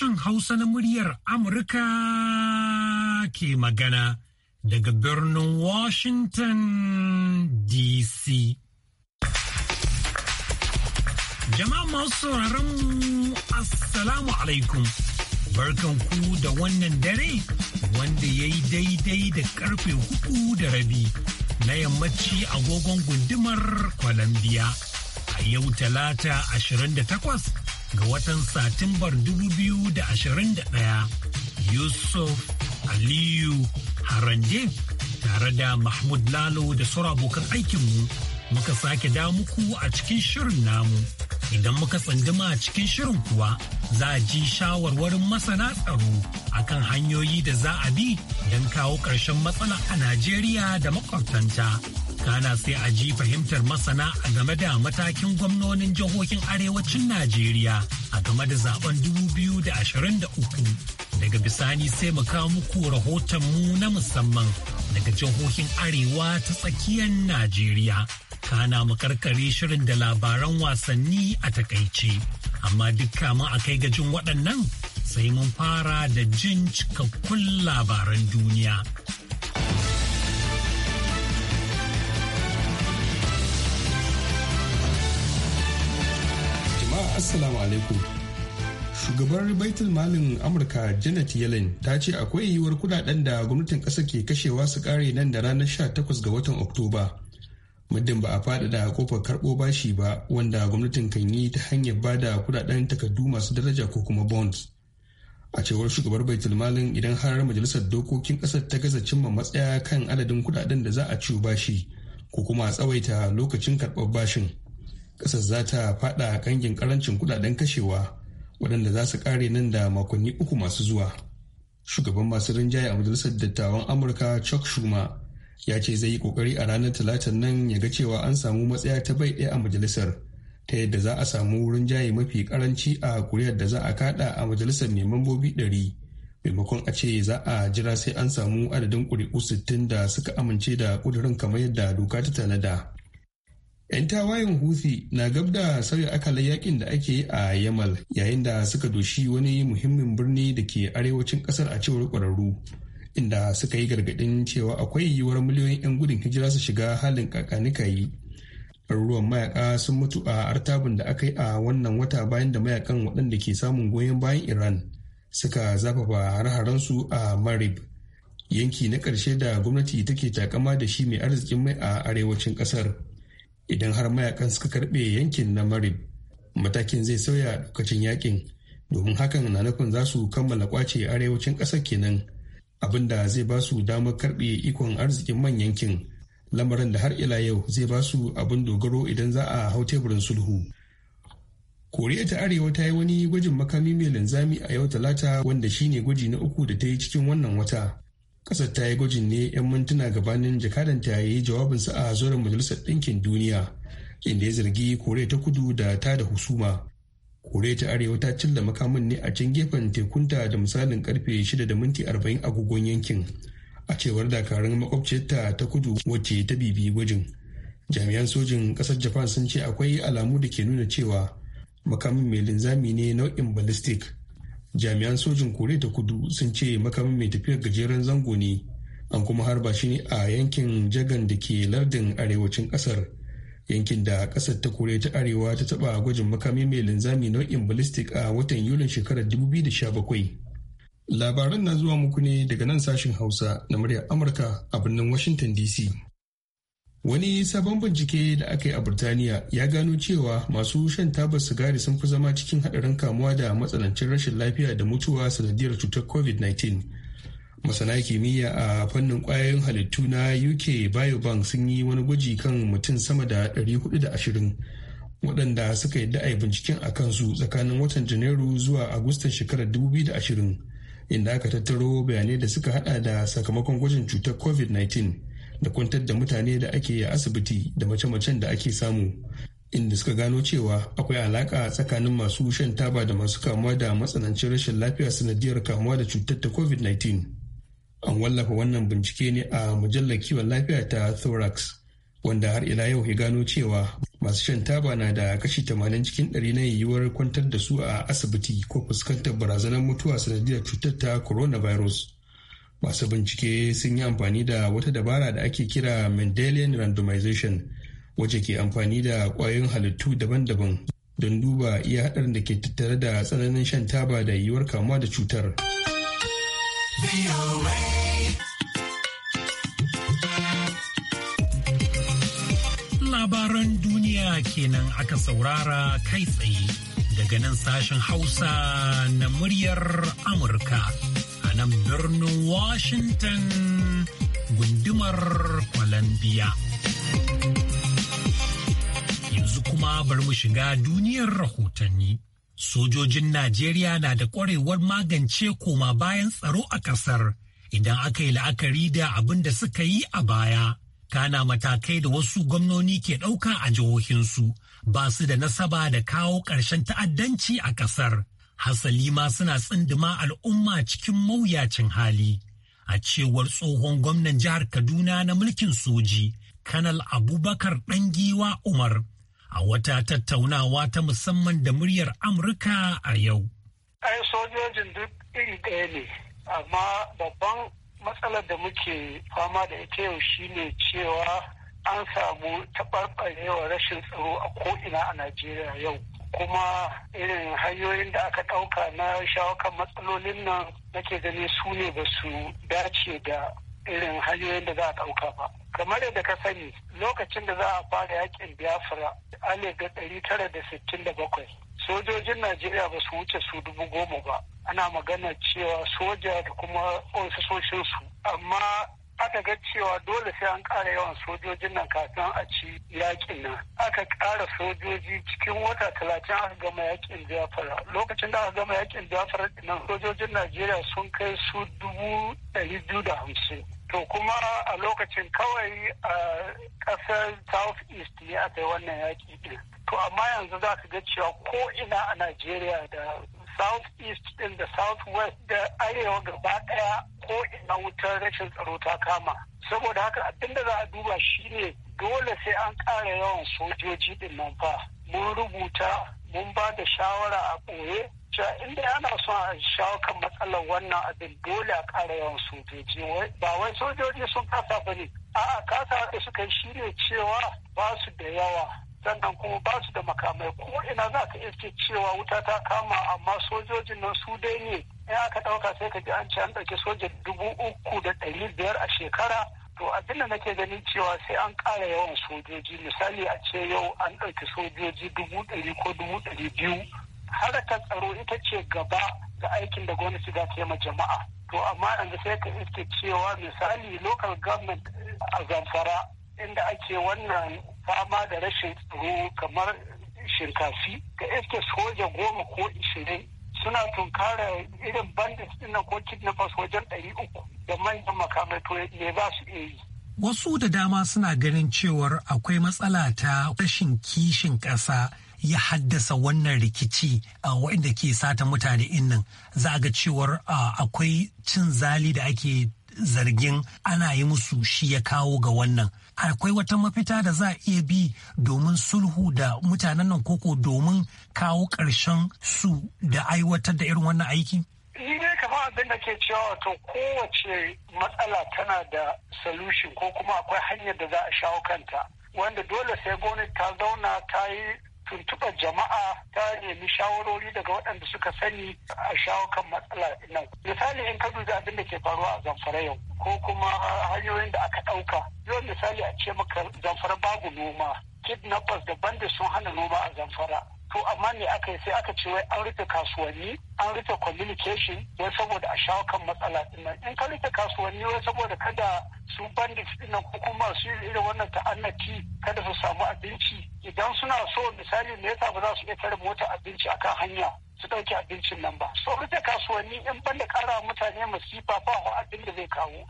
sashen Hausa na muryar Amurka ke magana daga birnin Washington DC. Jama'a masu mu Assalamu alaikum. Barkanku da wannan dare wanda ya yi daidai da karfe hudu da rabi na yammaci agogon gundumar kwalambiya A yau talata 28 ga watan Satumbar 2021 Yusuf Aliyu Harande tare da Mahmud Lalo da sura abokan aikinmu muka sake da muku a cikin shirin namu. Idan muka tsanduma a cikin shirin kuwa za a ji shawarwarin masana tsaro akan hanyoyi da za a bi don kawo ƙarshen matsala a Najeriya da makwabtanta. kana sai a ji fahimtar masana a game da matakin gwamnonin jihohin arewacin najeriya a game da zaben 2023 daga bisani sai mu kawo muku rahoton mu na musamman daga jihohin arewa ta tsakiyar najeriya kana mu karkare shirin da labaran wasanni a takaice amma dukka kama a kai gajin waɗannan sai mun fara da jin cikakkun labaran duniya. Assalamu alaikum. Shugabar Baitul Malin Amurka Janet Yellen ta ce akwai yiwuwar kudaden da gwamnatin kasa ke kashewa su kare nan da ranar 18 ga watan Oktoba. Muddin ba a da kofar karɓo bashi ba wanda gwamnatin kan yi ta hanyar ba da kudaden takardu masu daraja ko kuma bonds. A cewar shugabar Baitul Malin idan har majalisar dokokin ƙasar ta gaza cimma matsaya kan adadin kudaden da za a ciwo bashi ko kuma a tsawaita lokacin karɓar bashin. ƙasar za ta fada kangin karancin kudaden kashewa waɗanda za su kare nan da makonni uku masu zuwa. Shugaban masu rinjaye a majalisar dattawan Amurka Chuck Schumer ya ce zai yi kokari a ranar talatin nan ya ga cewa an samu matsaya ta bai ɗaya a majalisar ta yadda za a samu rinjaye mafi karanci a kuriyar da za a kada a majalisar mai mambobi ɗari maimakon a ce za a jira sai an samu adadin ƙuri'u sittin da suka amince da ƙudurin kamar yadda doka ta tanada. 'Yan tawayen Houthi na gab da sauya akalin yakin da ake yi a Yamal yayin da suka doshi wani muhimmin birni da ke arewacin kasar a cewar kwararru inda suka yi gargadin cewa akwai yiwuwar miliyoyin 'yan gudun hijira su shiga halin kakanikayi. Ruwan mayaka sun mutu a artabin da aka yi a wannan wata bayan da mayakan waɗanda ke samun goyon bayan Iran suka zafafa hare a Marib. yanki na ƙarshe da gwamnati take takama da shi mai arzikin mai a arewacin ƙasar. idan har mayakan suka karbe yankin na marib matakin zai sauya lokacin yakin domin hakan na nufin za su kammala kwace arewacin ƙasar kenan abin da zai ba su damar karɓe ikon arzikin man yankin lamarin da har ila yau zai ba su abin dogaro idan za a hau teburin sulhu koriya ta arewa ta yi wani gwajin makami mai linzami a yau talata wanda shine gwaji na uku da ta yi cikin wannan wata Ƙasar ta yi gwajin ne 'yan mintuna gabanin jakadanta ya yi jawabinsa a zoren majalisar ɗinkin duniya inda ya zargi koriya ta kudu da ta da husuma koriya ta arewa ta cilla makamin ne a can gefen tekunta da misalin karfe shida da minti arba'in agogon yankin a cewar dakarun makwabciyarta ta kudu wacce ta bibi gwajin jami'an sojin ƙasar japan sun ce akwai alamu da ke nuna cewa makamin mai linzami ne nau'in ballistic jami'an sojin kore ta kudu sun ce makamin mai tafiyar gajeren zango ne an kuma harba shi ne a yankin jagan da ke lardin arewacin kasar yankin da kasar ta kore ta arewa ta taba gwajin makami mai linzami nau'in ballistic a watan yulin shekarar 2017 labaran na zuwa muku ne daga nan sashen hausa na muryar amurka a birnin washington dc Wani sabon bincike da aka yi a Burtaniya ya gano cewa masu shan tabar sigari sun fi zama cikin haɗarin kamuwa da matsanancin rashin lafiya da mutuwa sanadiyar cutar COVID-19. Masana kimiyya a fannin kwayoyin halittu na UK Biobank sun yi wani gwaji kan mutum sama da 420 waɗanda suka yi a binciken a kansu tsakanin watan Janairu zuwa Agustan shekarar 2020 inda aka tattaro bayanai da suka haɗa da sakamakon gwajin cutar COVID-19. da kwantar da mutane da ake yi a asibiti da mace-macen da ake samu inda suka gano cewa akwai alaka tsakanin masu shan taba da masu kamuwa da matsanancin rashin lafiya sanadiyar kamuwa da cutar ta covid-19 an wallafa wannan bincike ne a mujallar kiwon lafiya ta thorax wanda har ila yau ya gano cewa masu shan taba na da kashi tamanin cikin 100 na yiwuwar kwantar da su a asibiti ko fuskantar barazanar mutuwa sanadiyar cutar ta coronavirus. masu bincike sun yi amfani da wata dabara da ake kira mendelian randomization wacce ke amfani da kwayoyin halittu daban-daban don duba iya haɗarin da ke tattare da tsananin shan taba da yiwuwar kamuwa da cutar. Labaran duniya kenan aka saurara kai tsaye daga nan sashen Hausa na muryar Amurka. a nan birnin Washington gundumar Columbia. Yanzu kuma bari mu shiga duniyar rahotanni. Sojojin Najeriya na da ƙwarewar magance koma bayan tsaro a ƙasar idan aka yi la'akari da abin da suka yi a baya. kana matakai da wasu gwamnoni ke ɗauka a jihohinsu ba su da nasaba da kawo ƙarshen ta'addanci a ƙasar hasali ma suna tsindima al'umma cikin mawuyacin hali a cewar tsohon gwamnan jihar kaduna na mulkin soji kanal abubakar ɗan giwa umar a wata tattaunawa ta musamman da muryar amurka a yau ai sojojin duk iri ɗaya ne amma babban matsalar da muke fama da ita yau shine cewa an samu taɓarɓarewa rashin tsaro a ko'ina a najeriya yau kuma irin hanyoyin da aka ɗauka na shawo kan matsalolin nan nake gani su ne ba su dace da irin hanyoyin da za a ɗauka ba kamar yadda ka sani lokacin da za a fara yakin biafra alif ɗari tara da sittin da bakwai sojojin najeriya ba su wuce su dubu goma ba ana magana cewa soja da kuma ofisoshinsu amma aka ga cewa dole sai an ƙara yawan sojojin nan kafin a ci yakin nan aka ƙara sojoji cikin wata talatin aka gama yakin jafara lokacin da aka gama yakin jafara nan sojojin najeriya sun kai su dubu ɗari biyu da hamsin to kuma a lokacin kawai a ƙasar south east ne aka yi wannan yaƙi ɗin to amma yanzu za ka ga cewa ko ina a najeriya da south east ɗin da south west da arewa gaba ɗaya ko ina wutar rashin tsaro ta kama saboda haka abin da za a duba shine dole sai an ƙara yawan sojoji din nan fa mun rubuta mun ba da shawara a ɓoye cewa inda ana son a shawo kan matsalar wannan abin dole a ƙara yawan sojoji ba wai sojoji sun kasa ba ne a'a kasa da suka yi shine cewa ba su da yawa sannan kuma ba su da makamai ko ina za ka iske cewa wuta ta kama amma sojojin nan su dai ne ya aka ɗauka sai ka ji an ce an ɗauki soja dubu uku da ɗari biyar a shekara to abinda nake ganin cewa sai an ƙara yawan sojoji misali a ce yau an ɗauki sojoji dubu ɗari ko dubu ɗari biyu harkar tsaro ita ce gaba ga aikin da gwamnati za ta yi ma jama'a to amma yanzu sai ka iske cewa misali local government a zamfara inda ake wannan fama da rashin tsaro kamar shinkafi ka iske soja goma ko ishirin suna tunkara irin bandits din nan ko kidnappers wajen ɗari uku da manyan makamai to me za su iya yi. Wasu da dama suna ganin cewar akwai matsala ta rashin kishin ƙasa ya haddasa wannan rikici a wainda ke sata mutane innan za a ga cewar akwai cin zali da ake zargin ana yi musu shi ya kawo ga wannan akwai wata mafita da za a iya bi domin sulhu da mutanen nan koko domin kawo ƙarshen su da aiwatar da irin wannan aiki? Ni ne kamar abin da ke cewa wato kowace matsala tana da solution ko kuma akwai hanyar da za a shawo kanta wanda dole sai gwamnati ta zauna ta yi tuntuɓar jama'a ta nemi shawarori daga waɗanda suka sani a shawo kan matsala nan misali in ka duba abin da ke faruwa a zamfara yau ko kuma hanyoyin da aka ɗauka yau misali a ce maka zamfara babu noma kidnappers da sun hana noma a zamfara to amma ne aka yi sai aka ce wai an rufe kasuwanni an rufe communication wai saboda a shawo kan matsala din nan in ka rufe kasuwanni wai saboda kada su bandits din nan ko kuma su yi irin wannan ta'annaci kada su samu abinci idan suna so misali me yasa ba za su iya tare mota abinci akan hanya su ɗauki abincin nan ba so rufe kasuwanni in banda kara mutane masifa ba ko abin da zai kawo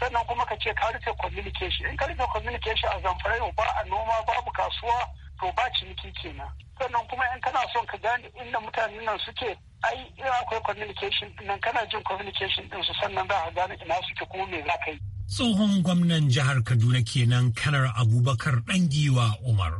sannan kuma ka ce ka rufe communication in ka rufe communication a zamfara yau ba a noma babu kasuwa to ba ciniki kenan sannan kuma in kana son ka gane inda mutanen nan suke ai in akwai communication nan kana jin communication din su sannan za a gane ina suke kuma me za ka yi tsohon gwamnan jihar kaduna kenan kanar abubakar giwa umar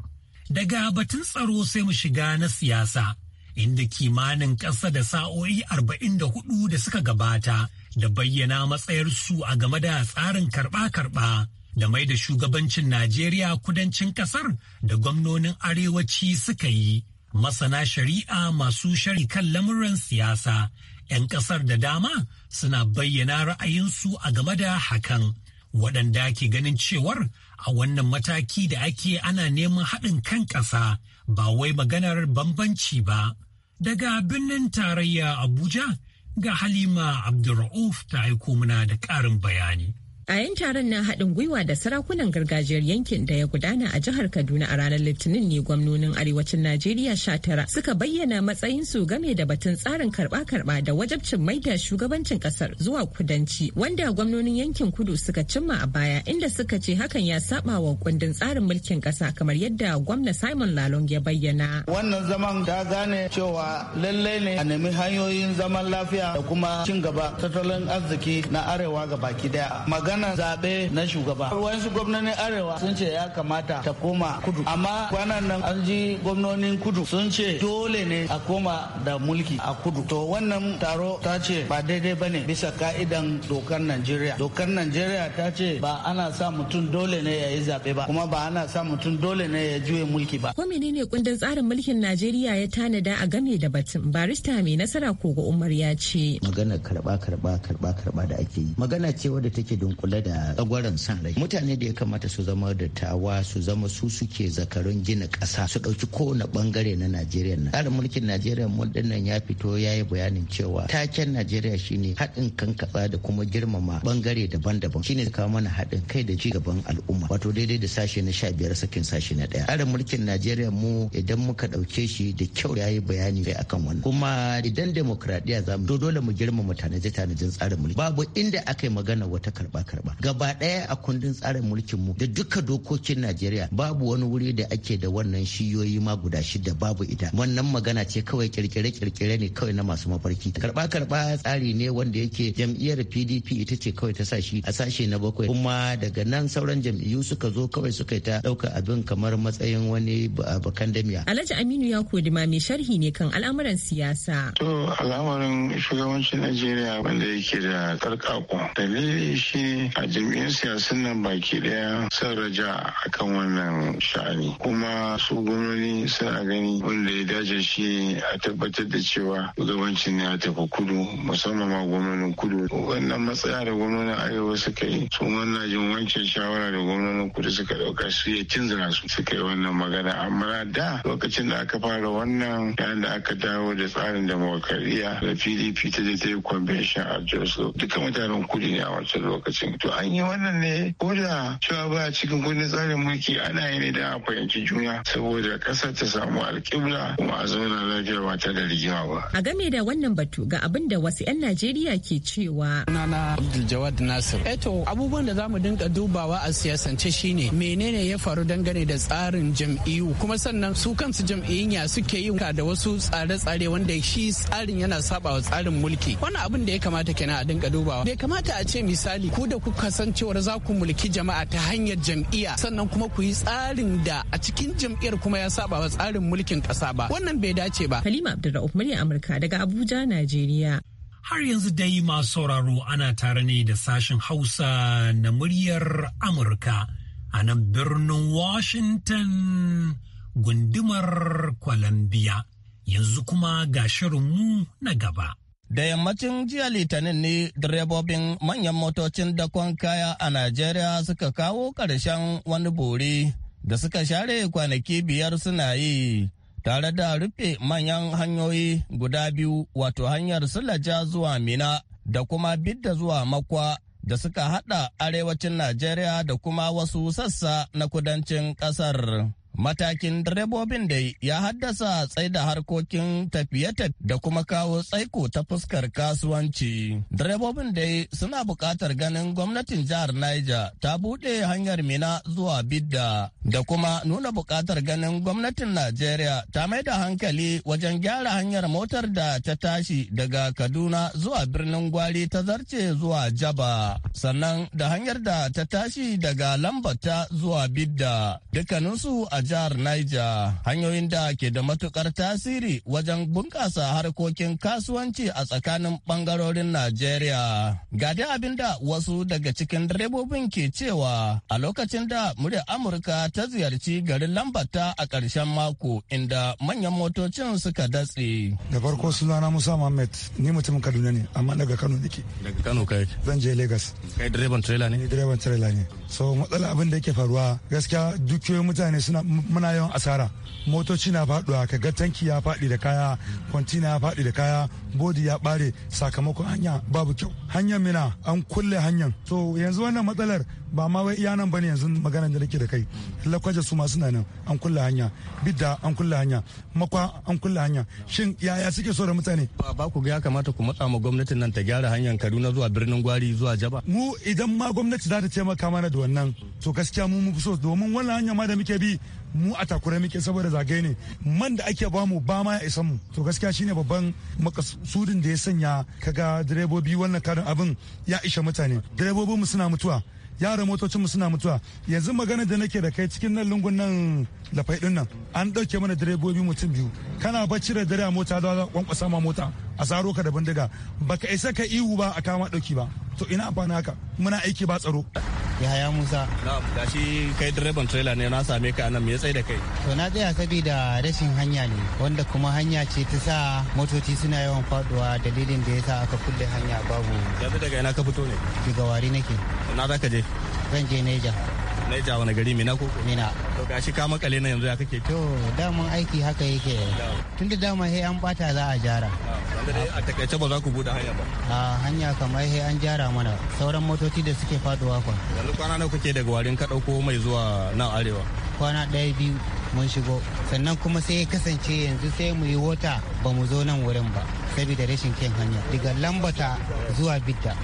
daga batun tsaro sai mu shiga na siyasa inda kimanin ƙasa da sa'o'i 44 da suka gabata da bayyana matsayarsu a game da tsarin karɓa-karɓa da mai da shugabancin Najeriya kudancin kasar da gwamnonin arewaci suka yi. Masana shari'a masu shari kan lamuran siyasa, 'yan kasar da dama suna bayyana ra'ayinsu a game da hakan. Waɗanda ke ganin cewar a wannan mataki da ake ana neman haɗin kan ƙasa ba wai maganar bambanci ba. Daga birnin tarayya Abuja ga Halima Abdulra'uf ta aiko muna da ƙarin bayani. A yan taron na haɗin gwiwa da sarakunan gargajiyar yankin da ya gudana a jihar Kaduna a ranar Litinin ne gwamnonin arewacin Najeriya sha suka bayyana matsayin su game da batun tsarin karɓa karba da wajabcin maida shugabancin ƙasar zuwa kudanci wanda gwamnonin yankin kudu suka cimma a baya inda suka ce hakan ya saba wa kundin tsarin mulkin ƙasa kamar yadda gwamna Simon Lalong ya bayyana. Wannan zaman ta gane cewa lallai ne a nemi hanyoyin zaman lafiya da kuma cin gaba tattalin arziki na arewa ga baki daya. Magana maganan zaɓe na shugaba wasu gwamnonin arewa sun ce ya kamata ta koma kudu amma kwanan nan an ji gwamnonin kudu sun ce dole ne a koma da mulki a kudu to wannan taro ta ce ba daidai bane bisa ka'idan dokar najeriya dokar najeriya ta ce ba ana sa mutum dole ne ya yi zaɓe ba kuma ba ana sa mutum dole ne ya juye mulki ba ko menene kundin tsarin mulkin najeriya ya tanada a game da batun barista mai nasara kogo umar ya ce magana karba karba karba karba da ake yi magana ce wadda take don kula da tsagwaron san rai mutane da ya kamata su zama dattawa su zama su suke zakarun gina ƙasa su ɗauki kowane ɓangare na najeriya na. tsarin mulkin najeriya mu nan ya fito ya yi bayanin cewa taken najeriya shine haɗin kan katsa da kuma girmama ɓangare daban-daban shine kawo mana haɗin kai da cigaban al'umma wato daidai da sashe na sha biyar sakin sashe na ɗaya tsarin mulkin najeriya mu idan muka ɗauke shi da kyau ya yi bayani kai akan wannan kuma idan demokradiyya za mu dole mu girmama tanaje-tanajen tsarin mulki babu inda aka yi magana wata karɓa karba gaba ɗaya a kundin tsarin mulkin mu da duka dokokin najeriya babu wani wuri da ake da wannan shiyoyi ma guda shida babu ita wannan magana ce kawai kirkire kirkire ne kawai na masu mafarki karba karba tsari ne wanda yake jam'iyyar pdp ita ce kawai ta sashi a sashe na bakwai kuma daga nan sauran jam'iyyu suka zo kawai suka ta ɗauka abin kamar matsayin wani bakan damiya alhaji aminu ya ma mai sharhi ne kan al'amuran siyasa to al'amarin shugabancin najeriya wanda yake da karkako dalili shi a jami'in siyasan nan baki daya sun raja a kan wannan sha'ani kuma su gwamnoni suna gani wanda ya dace shi a tabbatar da cewa shugabancin ya tafi kudu musamman ma gwamnonin kudu wannan matsaya da gwamnonin arewa suka yi su wannan jin wancan shawara da gwamnonin kudu suka dauka su ya cinzira su suka yi wannan magana amma da lokacin da aka fara wannan yayin da aka dawo da tsarin demokradiyya da pdp ta je ta yi convention a jos duka mutanen kudu ne a wancan lokacin to an yi wannan ne ko da cewa ba cikin kundin tsarin mulki ana yi ne da a fahimci juna saboda kasa ta samu alƙibla kuma a zauna lafiya ba ta da rigima ba. A game da wannan batu ga abin da wasu 'yan Najeriya ke cewa. Nana Abdul Jawad Nasir. Eto eh abubuwan da zamu dinga dubawa a siyasance shine menene ya faru dangane da tsarin jam'iyyu kuma sannan su kansu jam'iyyun ya suke yi da wasu tsare-tsare wanda shi tsarin yana sabawa tsarin mulki. Wannan abin da ya kamata kenan a dinga dubawa. Bai kamata a ce misali ku da ku kasancewar za ku mulki jama'a ta hanyar jam'iyya sannan kuma ku yi tsarin da a cikin jam'iyyar kuma ya saba wa tsarin mulkin ƙasa ba wannan bai dace ba. Halima Abdulra'uf murya Amurka daga Abuja, Najeriya. Har yanzu dai masu sauraro ana tare ne da sashen Hausa na muryar Amurka a nan birnin Washington gundumar Columbia. Yanzu kuma ga shirinmu na gaba. Da yammacin jiya Litinin ne direbobin manyan motocin dakon kaya a Najeriya suka kawo ƙarshen wani bore da suka share kwanaki biyar suna yi tare da rufe manyan hanyoyi guda biyu wato hanyar Sulaja zuwa Mina da kuma Bidda zuwa Makwa da suka hada arewacin Najeriya da kuma wasu sassa na kudancin ƙasar. Matakin direbobin dai ya haddasa da harkokin tafiye-tafiye da kuma kawo tsaiko ta fuskar kasuwanci. Direbobin dai suna buƙatar ganin gwamnatin jihar Niger ta buɗe hanyar Mina zuwa Bidda da kuma nuna buƙatar ganin gwamnatin Najeriya ta mai da hankali wajen gyara hanyar motar da ta tashi daga Kaduna zuwa birnin Gwari ta zarce zuwa Jaba. Sannan da hanyar da ta tashi daga Lambata zuwa Bidda. Dukkaninsu a jihar Niger hanyoyin da ke da matukar tasiri wajen bunkasa harkokin kasuwanci a tsakanin bangarorin Najeriya. Ga dai abin da wasu daga cikin direbobin ke cewa a lokacin da muryar Amurka ta ziyarci garin Lambata a ƙarshen mako inda manyan motocin suka datse. Da farko sunana Musa Muhammad ni mutumin Kaduna ne amma daga Kano nake. Daga Kano kai. Zan je Lagos. Kai direban trailer ne? Direban trailer ne. So matsala abin da yake faruwa gaskiya dukiyoyin mutane suna muna yawan asara motoci na faduwa ka ga tanki ya faɗi da kaya kwantina ya faɗi da kaya bodi ya bare sakamakon hanya babu kyau hanyar mina an kulle hanyar to yanzu wannan matsalar ba ma wai iya nan bane yanzu magana da nake da kai lakwaje su masu nan an kulle hanya bidda an kulle hanya makwa an kulle hanya shin yaya suke so da mutane ba ku ga ya kamata ku matsa ma gwamnatin nan ta gyara hanyar Kaduna zuwa birnin Gwari zuwa Jaba mu idan ma gwamnati za ta taimaka mana da wannan to gaskiya mu mu so domin wannan hanya ma da muke bi mu a takura muke saboda zagaye ne man da ake bamu ba ma ya isa mu to gaskiya shine babban makasudin da ya sanya kaga direbobi wannan karin abin ya isha mutane direbobin mu suna mutuwa motocin mu suna mutuwa yanzu magana da nake da kai cikin nan lungun nan lafai din nan an dauke mana direbobi mutum biyu kana bacci da dare a mota za kwankwasa ma mota a tsaro ka da bindiga ka isa ka ihu ba a kama dauki ba to ina amfani haka muna aiki ba tsaro yahaya musa na'am gashi kai direban trailer ne na same ka nan me ya tsaye da kai to na tsaya saboda rashin hanya ne wanda kuma hanya ce ta sa motoci suna yawan faduwa dalilin da ya sa aka kulle hanya babu yanzu daga ina ka fito ne daga wari nake na za ka je zan je neja na wani gari mina ko mina to gashi ka makale na yanzu ya kake to daman aiki haka yake tun da dama he an bata za a jara a takaice ba za ku bude hanya ba a hanya kamar sai an jara mana sauran motoci da suke faduwa kwa yanzu kwana nawa kuke daga warin ka dauko mai zuwa nan arewa kwana ɗaya biyu mun shigo sannan kuma sai ya kasance yanzu sai mu yi wata ba mu zo nan wurin ba saboda rashin kyan hanya daga lambata zuwa bidda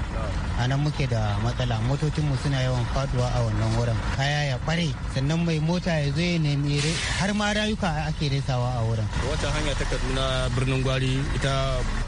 a nan muke da matsala motocinmu suna yawan faduwa a wannan wurin kaya ya kware sannan mai mota ya zo ya nemi har ma rayuka ake resawa a wurin wata hanya ta kaduna birnin gwari ita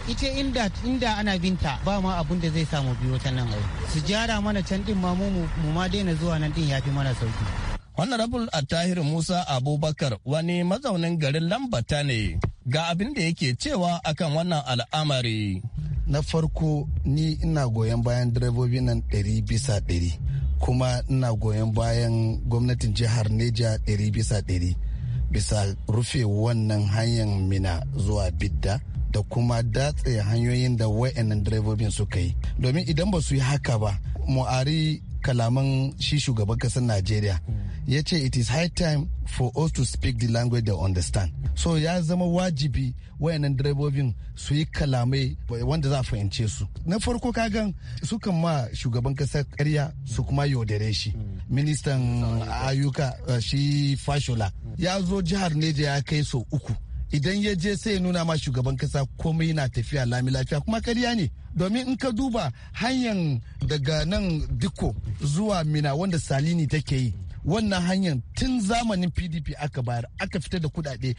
ita inda inda ana binta ba ma abun da zai samu biyo ta nan ai su jara mana can din ma mu ma daina zuwa nan din yafi mana sauki a Attahir Musa Abubakar wani mazaunin garin Lambata ne ga abin da yake cewa akan wannan al'amari. Na farko ni ina goyon bayan direbobi nan ɗari bisa ɗari kuma ina goyon bayan gwamnatin jihar Neja ɗari bisa ɗari bisa rufe wannan hanyar mina zuwa bidda da kuma datse hanyoyin da wayannan direbobin suka yi domin idan ba su yi haka ba mu'ari kalaman shi shugaban kasar najeriya ya ce it is high time for us to speak the language they understand so ya zama wajibi wayannan direbobin su yi kalamai wanda za a fahimce su na farko kagan sukan ma shugaban kasar karya su kuma yaudare shi ministan Ayuka eh, shi fashola ya zo jihar neja ya kai so uku idan ya je sai nuna ma shugaban kasa komai yana tafiya lami lafiya kuma karya ne domin in ka duba hanyar daga nan dikko zuwa mina wanda salini take yi wannan hanyar tun zamanin pdp aka bayar aka fita da kudade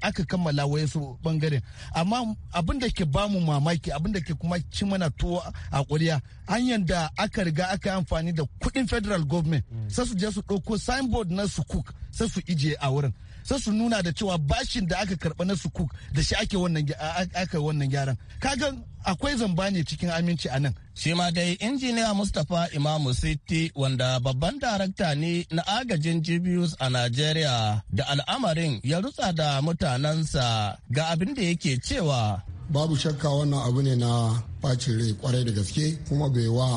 aka kammala su bangaren amma abin da ke bamu mamaki abin da ke kuma ci mana tuwo a kuriya hanyar da aka riga aka yi amfani da kudin federal government mm. sai su je su ɗauko signboard na su cook sai su ijiye a wurin sai su nuna da cewa bashin da aka karba na sukuk da shi ake wannan aka wannan gyaran kaga akwai zamba ne cikin aminci a nan shi ma dai injiniya mustapha imamu city wanda babban darakta ne na agajin gbus a nigeria da al'amarin ya rutsa da mutanensa ga abin da yake cewa babu shakka wannan abu ne na bacin rai kwarai da gaske kuma bai wa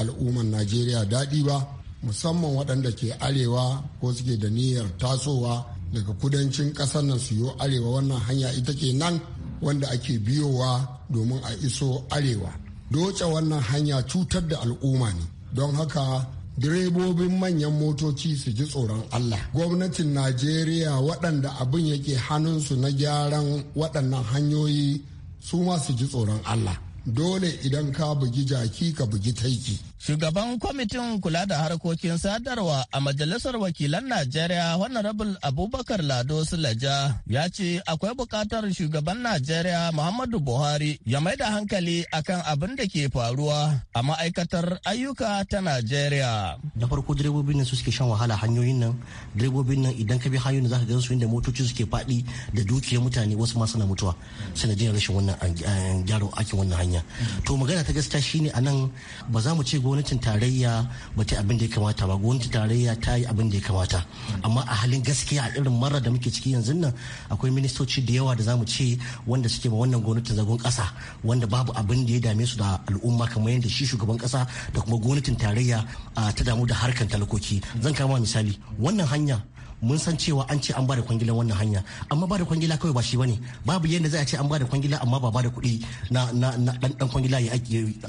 al'umman najeriya daɗi ba musamman waɗanda ke arewa ko suke da niyyar tasowa daga kudancin kasar nan su yo arewa wannan hanya ita ke nan wanda ake biyowa domin a iso arewa doce wannan hanya cutar da al'umma ne don haka direbobin manyan motoci su ji tsoron Allah. Gwamnatin Najeriya waɗanda abin yake hannunsu na gyaran waɗannan hanyoyi su ma su ji tsoron Allah. Dole idan ka bugi jaki ka bugi taiki. Shugaban kwamitin kula da harkokin sadarwa a Majalisar Wakilan Najeriya Honorable Abubakar Lado Sulaja ya ce akwai bukatar shugaban Najeriya Muhammadu Buhari ya mai da hankali akan abin da ke faruwa a ma'aikatar ayyuka ta Najeriya. Na farko direbobin nan su suke shan wahala hanyoyin nan, direbobin nan idan ka bi hanyoyin za ka gan su inda motoci suke faɗi da dukiyar mutane wasu ma suna mutuwa sanadiyar rashin wannan eh, gyaro ake wannan hanya. To magana ta gaskiya shine anan ba za mu ce gwamnatin tarayya ba ta abin da ya kamata ba gwamnatin tarayya ta yi abin da ya kamata amma a halin gaskiya a irin mara da muke ciki yanzu nan akwai ministoci da yawa da zamu ce wanda suke ba wannan gwamnatin zagon kasa wanda babu abin da ya dame su da al'umma kamar yadda shi shugaban kasa da kuma gwamnatin tarayya ta damu da harkan talakoki zan kama misali wannan hanya mun san cewa an ce an bada kwangilan wannan hanya amma bada kwangila kawai ba shi bane babu yadda za a ce an bada kwangila amma ba bada kuɗi na na dan kwangila ya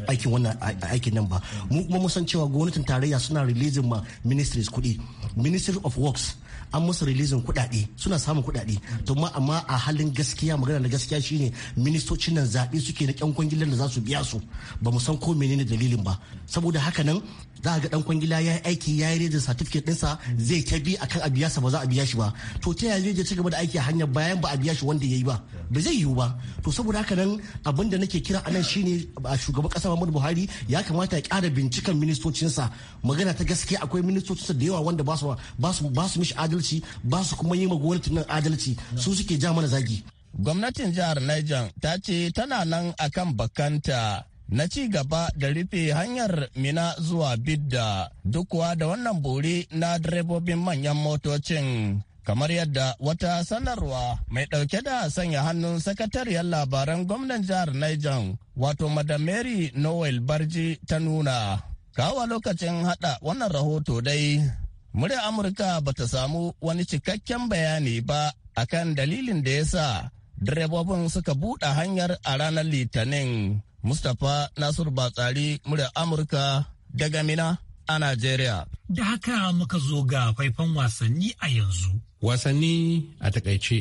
aikin wannan aikin nan ba mu kuma mun san cewa gwamnatin tarayya suna releasing ma ministries kuɗi ministry of works an musu rilizin kuɗaɗe suna samun kuɗaɗe to ma amma a halin gaskiya magana da gaskiya shine ministocin nan zaɓe suke na kyan kwangilan da za su biya su ba mu san ko menene dalilin ba saboda haka nan za ga dan kwangila ya yi aiki ya yi rejin certificate ɗinsa zai ta bi akan a biya sa ba za a biya shi ba to ta yaya zai ci gaba da aiki a hanyar bayan ba a biya shi wanda ya yi ba ba zai yiwu ba to saboda haka nan abin da nake kira anan shine a shugaban kasa Muhammadu Buhari ya kamata ya ƙara bincikan ministocinsa magana ta gaskiya akwai ministocinsa da yawa wanda ba su ba su mishi adalci ba su kuma yi gwamnatin adalci su suke ja mana zagi gwamnatin jihar Niger ta ce tana nan akan bakanta na ci gaba da rufe hanyar mina zuwa bidda duk kuwa da wannan bore na direbobin manyan motocin kamar yadda wata sanarwa mai ɗauke da sanya hannun sakatariyar labaran gwamnan jihar Niger wato madam mary noel barji ta nuna kawa lokacin haɗa wannan rahoto dai Muryar Amurka ba ta samu wani cikakken bayani ba akan dalilin da ya sa direbobin suka buɗe hanyar a ranar Litinin. Mustapha Nasiru Batsari, muryar Amurka daga Mina a Najeriya. Da haka muka zo ga faifan wasanni a yanzu. Wasanni a takaice.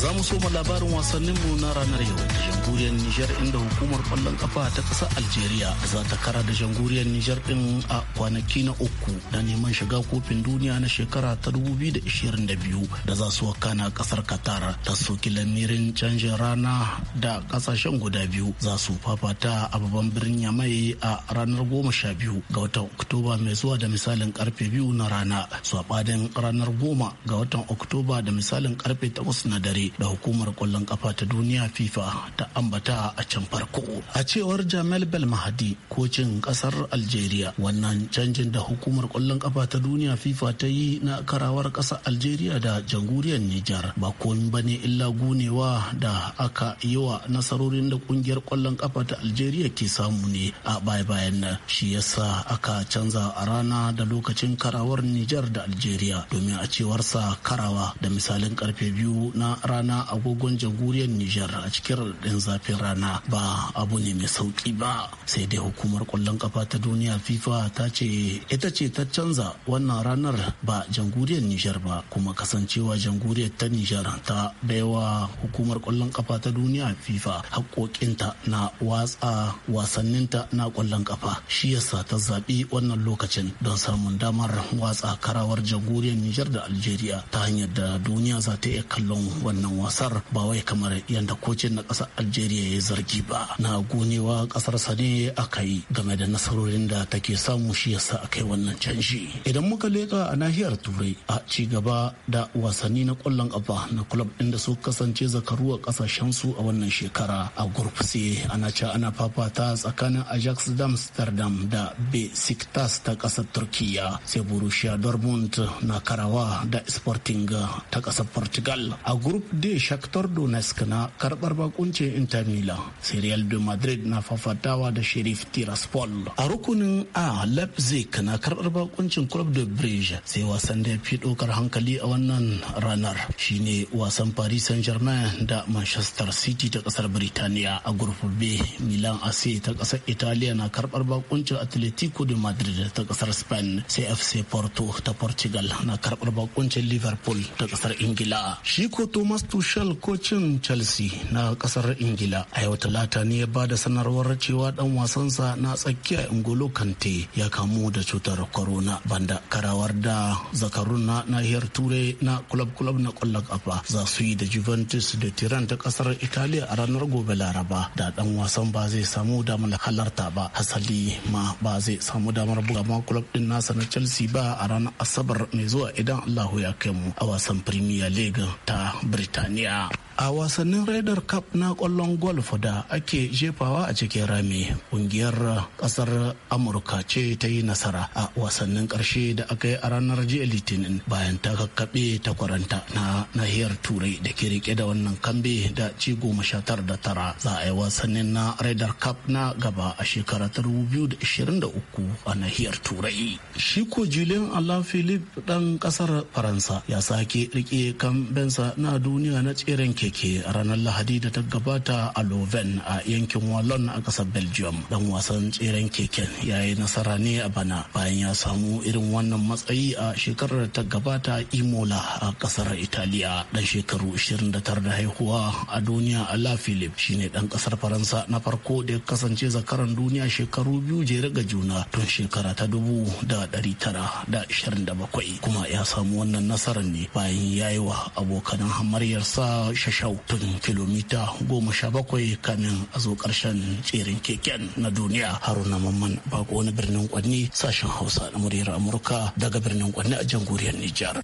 Za mu soma labarin wasanninmu na ranar yau. jamhuriyar Nijar inda hukumar kwallon kafa ta ƙasar Algeria za ta kara da jamhuriyar Nijar ɗin a kwanaki na uku da neman shiga kofin duniya na shekara ta 2022 da za su wakana ƙasar Qatar ta soki lamirin canjin rana da ƙasashen guda biyu za su fafata a babban birnin Yamai a ranar 12 ga watan Oktoba mai zuwa da misalin karfe biyu na rana su a ranar goma ga watan Oktoba da misalin karfe 8 na dare da hukumar kwallon kafa ta duniya FIFA ta ambata a can farko a cewar jamal bel mahadi kocin kasar algeria wannan canjin da hukumar kwallon kafa ta duniya fifa ta yi na karawar kasar algeria da jamhuriyar nijar ba komi ba ne illa gunewa da aka yi wa nasarorin da kungiyar kwallon kafa ta algeria ke samu ne a baya bayan nan shi yasa aka canza a rana da lokacin karawar nijar da algeria domin a cewar sa karawa da misalin karfe biyu na rana agogon jamhuriyar nijar a cikin zafin rana ba abu ne mai sauki ba sai dai hukumar kwallon kafa ta duniya fifa ta ce ita ce ta canza wannan ranar ba jamhuriyar nijar ba kuma kasancewa jamhuriyar ta nijar ta baiwa hukumar kwallon kafa ta duniya fifa haƙoƙinta na watsa wasanninta na kwallon kafa shi yasa ta zaɓi wannan lokacin don samun damar watsa karawar jamhuriyar nijar da algeria ta hanyar da duniya za ta iya kallon wannan wasar ba wai kamar yadda kocin na ƙasar najeriya ya zargi ba na gonewa ƙasarsa ne aka yi game da nasarorin da take samu shi yasa aka yi wannan canji idan muka leƙa a nahiyar turai a ci gaba da wasanni na ƙwallon ƙafa na club ɗin da su kasance zakaru a ƙasashen su a wannan shekara a C ana ce ana fafata tsakanin ajax amsterdam da besiktas ta ƙasar turkiya sai borussia dortmund na karawa da sporting ta ƙasar portugal a group d shakhtar donetsk na karɓar bakuncin Inter Milan. sai Real de Madrid na fafatawa da Sheriff Tiraspol. A rukunin A Leipzig na karɓar bakuncin Club de Brugge sai wasan da ya fi ɗaukar hankali a wannan ranar shine wasan Paris Saint-Germain da Manchester City ta ƙasar Birtaniya a gurfi B. Milan AC ta ƙasar Italiya na karɓar bakuncin Atletico de Madrid ta ƙasar Spain sai FC Porto ta Portugal na karɓar bakuncin Liverpool ta ƙasar Ingila. Shi ko Thomas Tuchel kocin Chelsea na ƙasar Ingila ingila a yau talata ne ya bada sanarwar cewa dan wasansa na tsakiya ingolo kante ya kamu da cutar corona banda karawar da zakarun na nahiyar turai na kulab kulab na kwallon kafa za su yi da juventus da tiran ta kasar italiya a ranar gobe laraba da dan wasan ba zai samu damar halarta ba hasali ma ba zai samu damar buga ma kulab din nasa na chelsea ba a ranar asabar mai zuwa idan allahu ya kai mu a wasan premier league ta birtaniya a wasannin raider cup na kwallon kwallon golf da ake jefawa a cikin rami kungiyar kasar amurka ce ta yi nasara a wasannin karshe da aka yi a ranar jiya litinin bayan ta kakkaɓe takwaranta na nahiyar turai da ke rike da wannan kambe da ci goma sha tara da tara za a yi wasannin na Ryder cup na gaba a shekara ta uku a nahiyar turai shi ko julien ala philippe dan kasar faransa ya sake rike kambensa na duniya na tseren keke ranar lahadi da ta gabata ta aloven a yankin wallon a kasar belgium dan wasan tseren keken ya yi nasara ne a bana bayan ya samu irin wannan matsayi a shekarar ta gabata imola a kasar italiya dan shekaru 29 da haihuwa a duniya ala philip shine dan kasar faransa na farko da ya kasance zakaran duniya shekaru biyu jere ga juna tun shekara ta dubu da dari tara da ishirin da bakwai kuma ya samu wannan nasarar ne bayan ya yi wa abokanan hamaryarsa shashau tun kilomita goma 17 bakwai kamin a zo ƙarshen tserin keken na duniya haruna mamman bako na birnin kwanni sashen hausa na muryar amurka daga birnin kwanni a jamhuriyar nijar.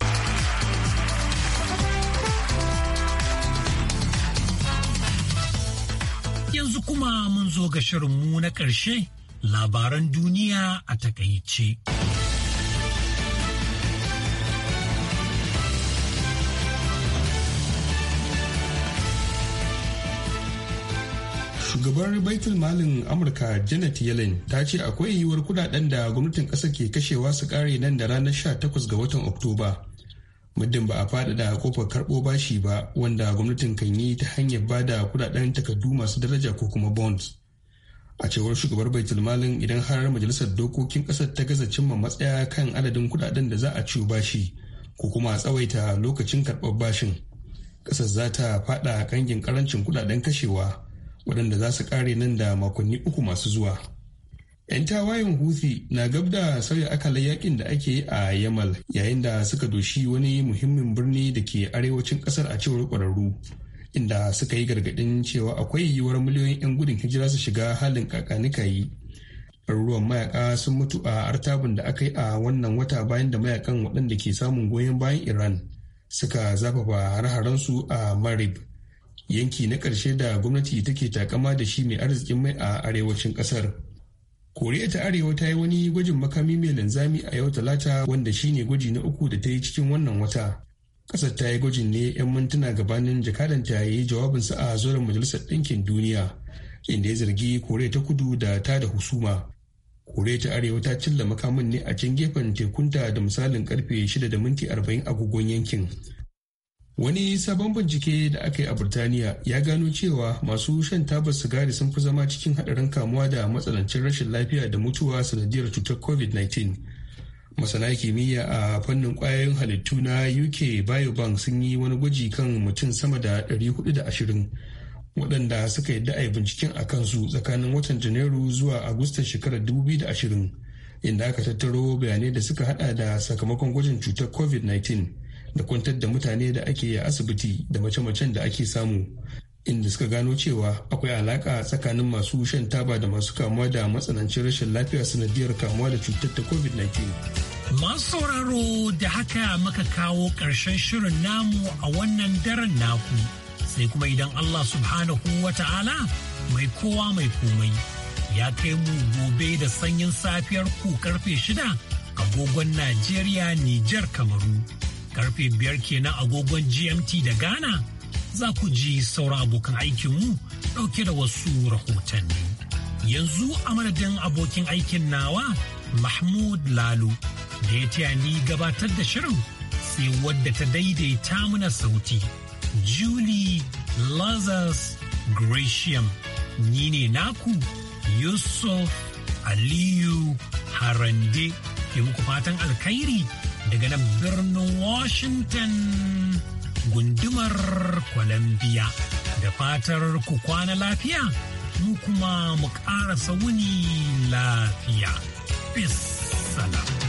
yanzu kuma mun zo ga shirinmu na ƙarshe labaran duniya a takaice. shugabar baitul malin amurka janet yellen ta ce akwai yiwuwar kudaden da gwamnatin kasa ke kashewa su kare nan da ranar 18 ga watan oktoba muddin ba a faɗaɗa kofar karɓo bashi ba wanda gwamnatin kan yi ta hanyar ba da kudaden takardu masu daraja ko kuma bonds a cewar shugabar baitul malin idan har majalisar dokokin ƙasar ta gaza cimma matsaya kan adadin kudaden da za a ciwo bashi ko kuma a tsawaita lokacin karɓar bashin ƙasar za ta faɗa kangin ƙarancin kudaden kashewa waɗanda za su ƙare nan da makonni uku masu zuwa. 'Yan tawayen Houthi na gab da sauya akalar yakin da ake yi a Yamal yayin da suka doshi wani muhimmin birni da ke arewacin ƙasar a cewar ƙwararru. Inda suka yi gargaɗin cewa akwai yiwuwar miliyoyin 'yan gudun hijira su shiga halin yi. Ɗaruruwan mayaka sun mutu a artabin da aka yi a wannan wata bayan da mayakan waɗanda ke samun goyon bayan Iran suka zafafa hare a Marib. yanki na ƙarshe da gwamnati take takama da shi mai arzikin mai a arewacin ƙasar. koriya ta arewa ta yi wani gwajin makami mai linzami a yau talata wanda shine gwaji na uku da ta yi cikin wannan wata ƙasar ta yi gwajin ne 'yan mintuna gabanin jakadan ya yi jawabinsa a zoren majalisar ɗinkin duniya inda ya zargi koriya ta kudu da ta da husuma koriya ta arewa ta cilla makamin ne a can gefen tekunta da misalin karfe 6 da minti 40 agogon yankin Wani sabon bincike da aka yi a Burtaniya ya gano cewa masu shan tabar sigari sun fi zama cikin haɗarin kamuwa da matsanancin rashin lafiya da mutuwa sanadiyar cutar COVID-19. Masana kimiyya a fannin ƙwayoyin halittu na UK Biobank sun yi wani gwaji kan mutum sama da 420 waɗanda suka yi da'ai binciken a kansu tsakanin watan Janairu zuwa Agustan shekarar 2020 inda aka tattaro bayanai da suka haɗa da sakamakon gwajin cutar COVID-19. da kwantar da mutane da ake yi a asibiti da mace-macen da ake samu inda suka gano cewa akwai alaka tsakanin masu shan taba da masu kamuwa da matsanancin rashin lafiya sanadiyar kamuwa da cutar ta covid-19 masu sauraro da haka maka kawo ƙarshen shirin namu a wannan daren naku sai kuma idan allah subhanahu wa ta'ala mai kowa mai komai ya kai mu gobe da sanyin safiyar ku karfe shida agogon najeriya nijar kamaru karfe biyar kenan agogon GMT da Ghana za ku ji sauran abokan aikinmu ɗauke da wasu rahotanni. Yanzu a madadin abokin aikin nawa Mahmud Lalu da ya taya ni gabatar da shirin sai wadda ta daidaita mana sauti. Julie Lazarus Gratiam ni ne naku Yusuf Aliyu Harande ke muku fatan alkhairi. daga nan birnin Washington gundumar Columbia. Da fatar ku kwana lafiya, mu kuma mu ƙara sauni lafiya. Peace. Salam.